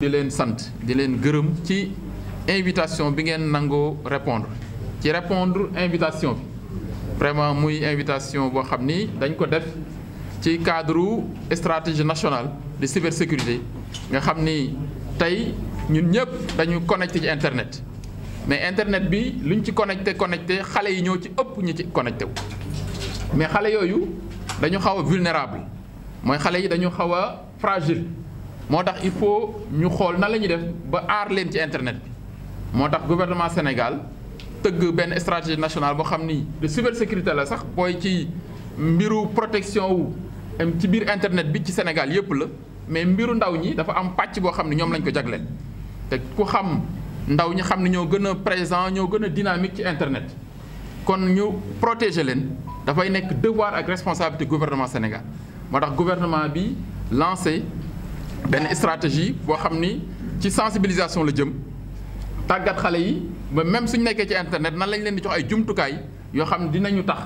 di leen sant di leen gërëm ci invitation bi ngeen nangoo répondre ci répondre invitation bi vraiment muy invitation boo xam ni dañ ko def ci cadre stratégie nationale de sécurité nga xam ni tey ñun ñëpp dañu connecté ci internet mais internet bi luñ ci connecté connecté xale yi ñoo ci ëpp ñu ci connecté wu mais xale yooyu dañu xaw a vulnérable mooy xale yi dañu xaw a fragile moo tax il faut ñu xool na la ñuy def ba aar leen ci internet bi moo tax gouvernement Sénégal tëgg benn stratégie nationale boo xam ni de sécurité la sax booy ci mbiru protection wu ci biir internet bi ci Sénégal yëpp la mais mbiru ndaw ñi dafa am pàcc boo xam ne ñoom lañ ko jagleel te ku xam ndaw ñi xam ne ñoo gën a présent ñoo gën a dynamique ci internet kon ñu protéger leen dafay nekk devoir ak responsabilité gouvernement Sénégal moo tax gouvernement bi lancé benn stratégie boo xam ni ci sensibilisation la jëm tàggat xale yi ba même suñ nekkee ci internet nan lañ leen di jox ay jumtukaay yoo xam ne dinañu tax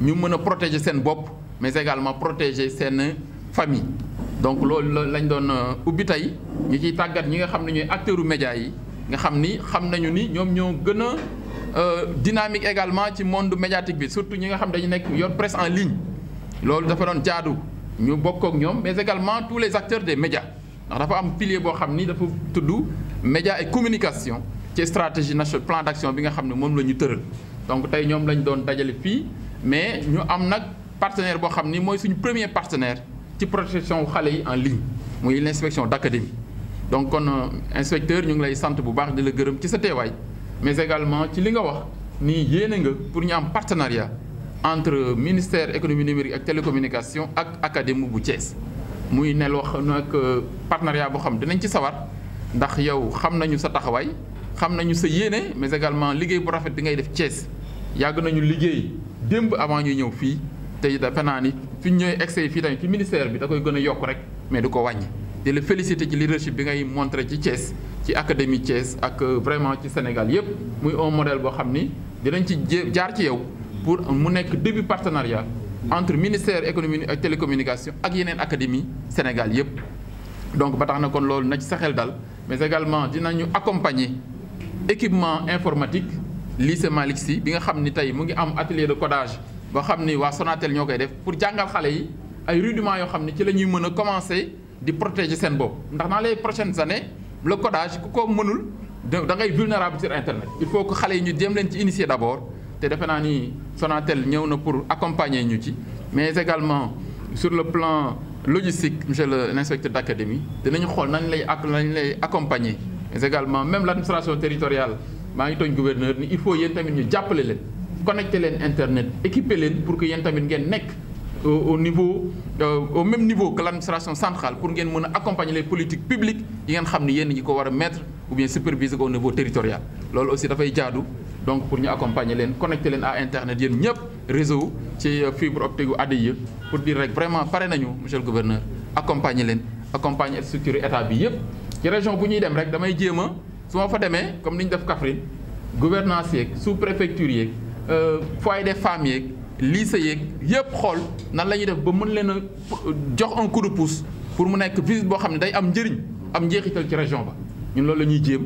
ñu mën a protéger seen bopp mais également protéger seen famille. donc loolu lañ doon euh, ubbi tey ñu ciy tàggat ñi nga xam ne ñooy acteur u yi nga xam ni xam nañu ni ñoom ñoo gën a euh, dynamique également ci monde médiatique bi surtout ñi nga xam dañu nekk yor presse en ligne loolu dafa doon jaadu ñu bokk ak ñoom mais également tous les acteurs des médias. ndax dafa am pilier boo xam ni dafa tudd média et communication ci stratégie nationale plan d'action bi nga xam ne moom la ñu tëral donc tey ñoom lañu doon dajale fii mais ñu am nag partenaire boo xam ni mooy suñu premier partenaire ci protection xale yi en ligne muy l'inspection d'académie donc kon euh, inspecteur ñu ngi lay sant bu baax di la gërëm ci sa teewaay mais également ci li nga wax ni yéene nga pour ñu am partenariat entre ministère économie numérique ak télécommunication ak académie bu Thiès muy ne loo xam nag euh, partenariat boo xam dinañ ci sawar ndax yow xam nañu sa taxawaay xam nañu sa yéene mais également liggéey bu rafet bi ngay def cees yàgg nañu liggéey démb avant ñuy ñëw fii te dafa naa ni fi ñu ñëwee excès fii tamit ci ministère bi da koy gën a yokk rek mais du ko wàññi di la félicité ci leadership bi ngay montré ci Thiès ci académie Thiès ak euh, vraiment ci Sénégal yépp muy un modèle boo xam ni dinañ ci jaar ci yow pour mu nekk début partenariat. entre ministère économie ak euh, télécommunication ak yeneen académie Sénégal yëpp donc ba tax na kon loolu na sexel sa xel dal mais également dinañu accompagner équipement informatique lycée Malick si bi nga xam ni tey mu ngi am atelier de codage boo xam ni waa Sonatel ñoo koy def pour jàngal xale yi ay rudement yoo xam ni ci la ñuy mën a commencer di protéger seen bopp ndax dans les prochaines années la codage ku ko mënul da ngay vulnérable sur internet il faut xale yi ñu jéem leen ci initier d'abord te defe naa ni Sonatel ñëw na pour accompagner ñu ci mais également sur le plan logistique monsieur le l'inspecteur d'académie dinañu xool nañ lay ak nañu lay accompagner mais également même l'administration territoriale maa ngi tooñ gouverneur ni il faut yéen tamit ñu jàppale leen connecter leen internet équiper leen pour que yéen tamit ngeen nekk au niveau euh, au même niveau que l'administration centrale pour ngeen mën a accompagner les politiques publiques xam ni yéen ñi ko war a mettre ou bien superviser ko au loolu aussi dafay jaadu donc pour ñu accompagner leen connecter leen à internet yéen ñëpp réseau ci fibre optique gu ADIE pour dire rek vraiment pare nañu monsieur le gouverneur accompagner leen accompagner structure état bi yëpp. ci région bu ñuy dem rek damay jéema a su ma fa demee comme ni ñu def Kaffrine gouvernance yeeg sous préfecture yeeg euh, foyer des femmes yeeg lycée yeeg yëpp xool nan la ñuy def ba mën leen a jox un coup de pour mu nekk visite boo xam ne day am njëriñ am njeexital ci région ba ñun loolu la ñuy jéem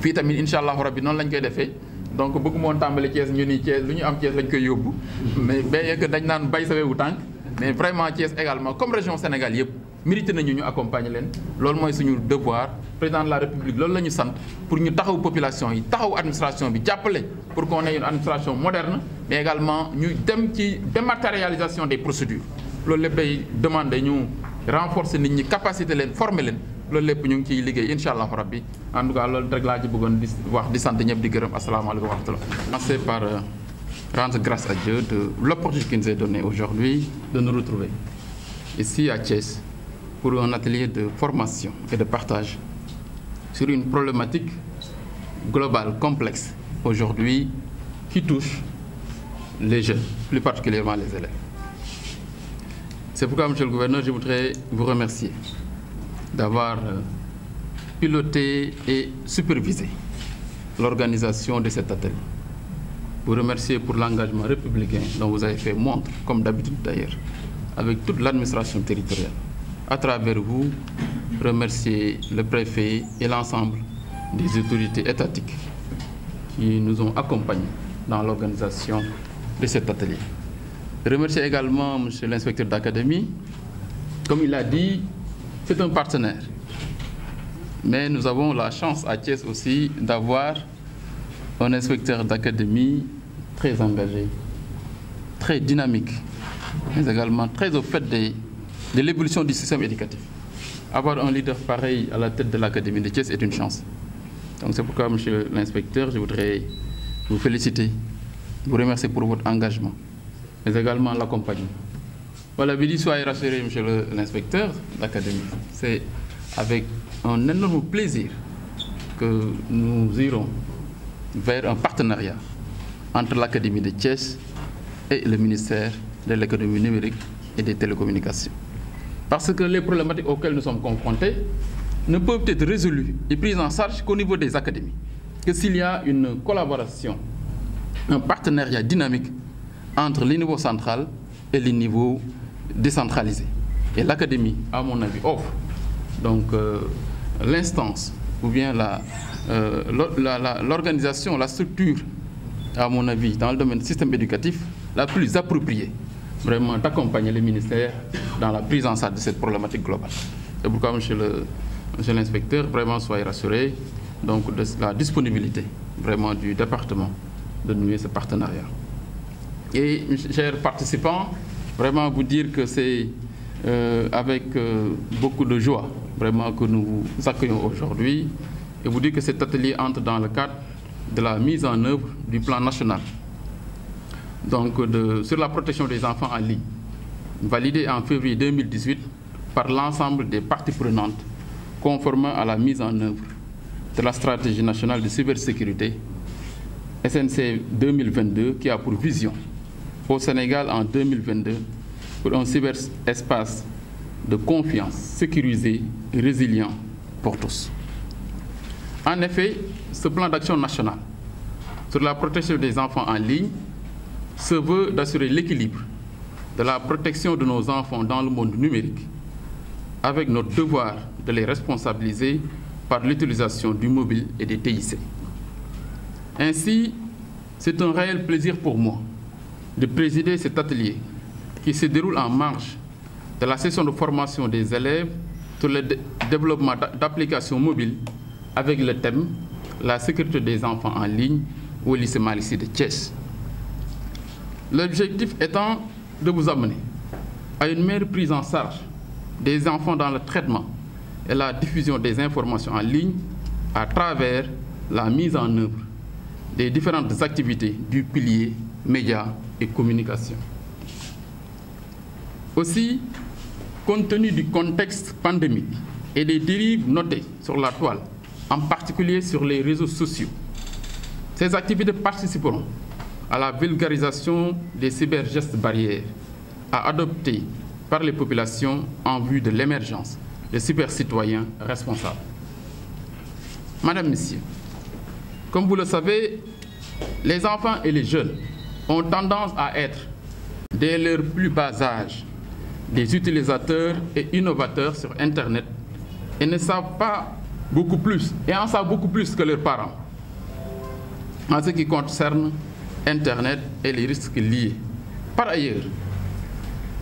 fii tamit incha allahu rabbi noonu la koy defee. donc bëgg tàmbali Thiès ñu ni Thiès lu ñu am Thiès lañ koy yóbbu mais bien que dañ naan bay sawewu tànk mais vraiment Thiès également comme région Sénégal yëpp mérité nañu ñu accompagner leen loolu mooy suñu devoir président de la République loolu la sant pour ñu taxaw population yi taxaw administration bi jàppale pour qu'on ait une administration moderne mais également ñu dem ci dématérialisation des procédures loolu lépp day demander ñu renforcer nit ñi capacité leen former leen loolu lépp ñu ngi ci liggéey incha allah rabbi en tout cas loolu rek laa ci bëggoon di wax di sant ñëpp di gërëm asalaamaaleykum wa rahmatullah. commencer par euh, rendre grâce à Dieu de l'opportunité qu'il nous a donnée aujourd'hui de nous retrouver ici à Thiès pour un atelier de formation et de partage sur une problématique globale complexe aujourd'hui qui touche les jeunes, plus particulièrement les élèves. C'est pourquoi, Monsieur le Gouverneur, je voudrais vous remercier d'avoir euh, piloté et supervisé l'organisation de cet atelier. Vous remercier pour l'engagement républicain dont vous avez fait montre, comme d'habitude d'ailleurs, avec toute l'administration territoriale. À travers vous, remercier le préfet et l'ensemble des autorités étatiques qui nous ont accompagnés dans l'organisation de cet atelier. Remercier également M. l'inspecteur d'académie. Comme il a dit, c'est un partenaire. Mais nous avons la chance à Thiès aussi d'avoir un inspecteur d'académie très engagé, très dynamique, mais également très au fait de, de l'évolution du système éducatif. Avoir un leader pareil à la tête de l'Académie de Thiès est une chance. Donc c'est pourquoi, monsieur l'inspecteur, je voudrais vous féliciter, vous remercier pour votre engagement, mais également l'accompagnement. Voilà, Billy, soyez rassuré, monsieur l'inspecteur d'académie. C'est avec un énorme plaisir que nous irons vers un partenariat entre l'Académie de Thiès et le ministère de l'économie numérique et des télécommunications. Parce que les problématiques auxquelles nous sommes confrontés ne peuvent être résolues et prises en charge qu'au niveau des académies. Que s'il y a une collaboration, un partenariat dynamique entre les niveaux central et les niveaux décentralisé. Et l'académie, à mon avis, offre donc euh, l'instance ou bien la, euh, l'organisation, la, la, la structure, à mon avis, dans le domaine du système éducatif, la plus appropriée, vraiment d'accompagner les ministères dans la prise en charge de cette problématique globale. C'est pourquoi, monsieur le monsieur l'inspecteur, vraiment soyez rassuré donc de la disponibilité vraiment du département de nouer ce partenariat. Et chers participants, Vraiment vous dire que c'est euh, avec euh, beaucoup de joie vraiment que nous vous accueillons aujourd'hui et vous dire que cet atelier entre dans le cadre de la mise en œuvre du plan donc de, sur la protection des enfants en ligne, validé en février 2018 par l'ensemble des parties prenantes, conformément à la mise en œuvre de la stratégie nationale de cybersécurité SNC 2022 qui a pour vision au Sénégal en 2022 pour un cyberespace de confiance de résilient pour tous. En effet, ce plan d'action national sur la protection des enfants en ligne se veut d'assurer l'équilibre de la protection de nos enfants dans le monde numérique avec notre devoir de les responsabiliser par l'utilisation du mobile et des TIC. Ainsi, c'est un réel plaisir pour moi de présider cet atelier qui se déroule en marge de la session de formation des élèves sur le développement d'applications mobile avec le thème La sécurité des enfants en ligne au lycée Malissi de Thiès. L'objectif étant de vous amener à une meilleure prise en charge des enfants dans le traitement et la diffusion des informations en ligne à travers la mise en œuvre des différentes activités du pilier média et communication. Aussi, compte tenu du contexte pandémique et des dérives notées sur la toile, en particulier sur les réseaux sociaux, ces activités participeront à la vulgarisation des cybergestes barrières à adopter par les populations en vue de l'émergence de cybercitoyens responsables. Madame, Messieurs, comme vous le savez, les enfants et les jeunes ont tendance à être, dès leur plus bas âge, des utilisateurs et innovateurs sur Internet et ne savent pas beaucoup plus, et en savent beaucoup plus que leurs parents, en ce qui concerne Internet et les risques liés. Par ailleurs,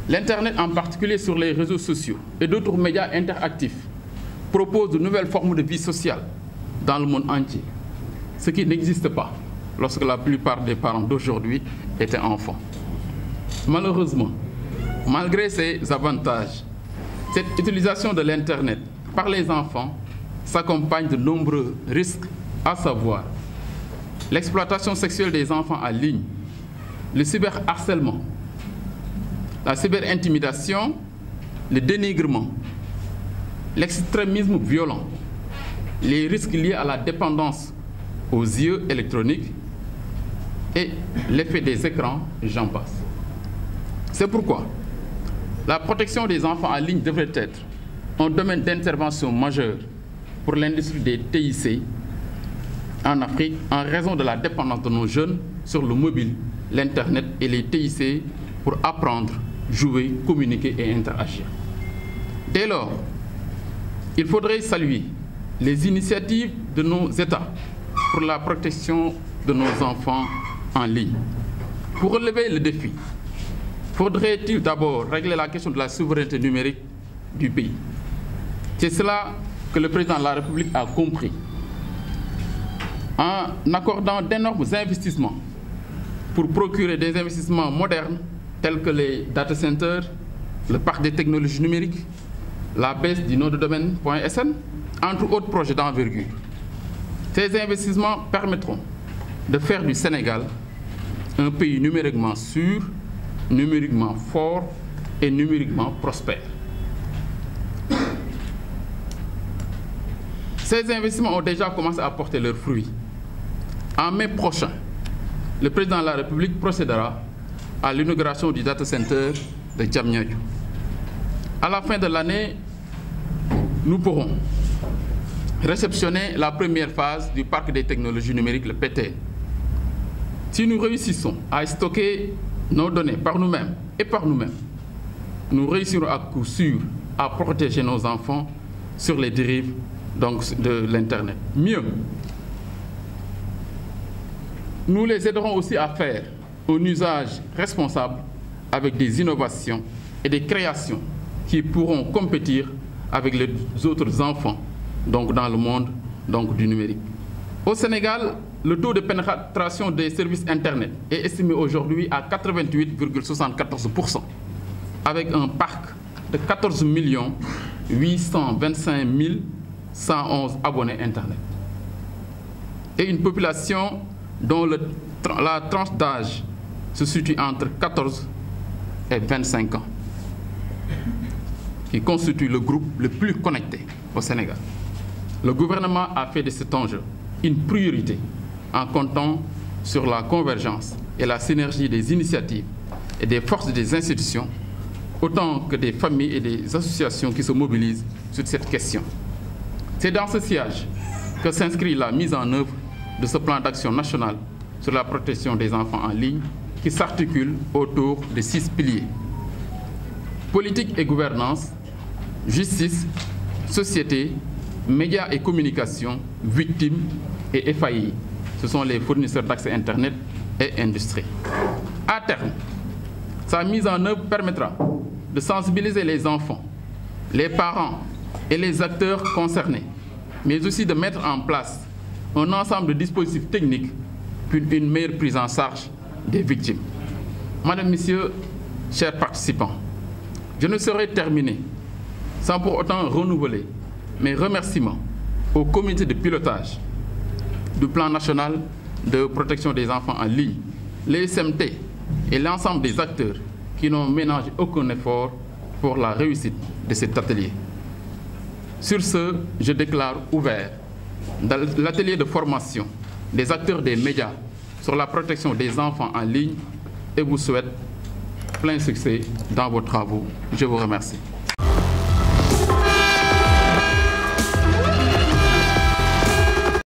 l'Internet, en particulier sur les réseaux sociaux et d'autres médias interactifs, propose de nouvelles formes de vie sociale dans le monde entier, ce qui n'existe pas lorsque la plupart des parents d'aujourd'hui étaient enfants. Malheureusement, malgré ces avantages, cette utilisation de l'Internet par les enfants s'accompagne de nombreux risques, à savoir l'exploitation sexuelle des enfants à ligne, le cyberharcèlement, la cyberintimidation, le dénigrement, l'extrémisme violent, les risques liés à la dépendance aux yeux électroniques et l'effet des écrans, j'en passe. C'est pourquoi la protection des enfants en ligne devrait être un domaine d'intervention majeur pour l'industrie des TIC en Afrique en raison de la dépendance de nos jeunes sur le mobile, l'Internet et les TIC pour apprendre, jouer, communiquer et interagir. Dès lors, il faudrait saluer les initiatives de nos États pour la protection de nos enfants en ligne. Pour relever le défi, faudrait-il d'abord régler la question de la souveraineté numérique du pays. C'est cela que le président de la République a compris en accordant d'énormes investissements pour procurer des investissements modernes tels que les data centers, le parc des technologies numériques, la baisse du nom de domaine.sn, entre autres projets d'envergure. Ces investissements permettront de faire du Sénégal un pays numériquement sûr, numériquement fort et numériquement prospère. Ces investissements ont déjà commencé à porter leurs fruits. En mai prochain, le président de la République procédera à l'inauguration du data center de Djamnyadjou. À la fin de l'année, nous pourrons réceptionner la première phase du parc des technologies numériques, le PTN, e. Si nous réussissons à stocker nos données par nous-mêmes et par nous-mêmes, nous réussirons à coup sûr à protéger nos enfants sur les dérives donc, de l'Internet. Mieux, nous les aiderons aussi à faire un usage responsable avec des innovations et des créations qui pourront compétir avec les autres enfants donc dans le monde donc, du numérique. Au Sénégal, le taux de pénétration des services Internet est estimé aujourd'hui à 88,74%, avec un parc de 14 825 111 abonnés Internet. Et une population dont le, la tranche d'âge se situe entre 14 et 25 ans, qui constitue le groupe le plus connecté au Sénégal. Le gouvernement a fait de cet enjeu une priorité en comptant sur la convergence et la synergie des initiatives et des forces des institutions, autant que des familles et des associations qui se mobilisent sur cette question. C'est dans ce siège que s'inscrit la mise en œuvre de ce plan d'action national sur la protection des enfants en ligne qui s'articule autour de six piliers. Politique et gouvernance, justice, société, médias et communication, victimes et FAI. ce sont les fournisseurs d'accès Internet et industrie. À terme, sa mise en œuvre permettra de sensibiliser les enfants, les parents et les acteurs concernés, mais aussi de mettre en place un ensemble de dispositifs technique pour une meilleure prise en charge des victimes. Madame, Messieurs, chers participants, je ne saurais terminer sans pour autant renouveler mais remerciements au comité de pilotage du plan national de protection des enfants en ligne, les SMT et l'ensemble des acteurs qui n'ont ménagé aucun effort pour la réussite de cet atelier. Sur ce, je déclare ouvert l'atelier de formation des acteurs des médias sur la protection des enfants en ligne et vous souhaite plein succès dans vos travaux. Je vous remercie.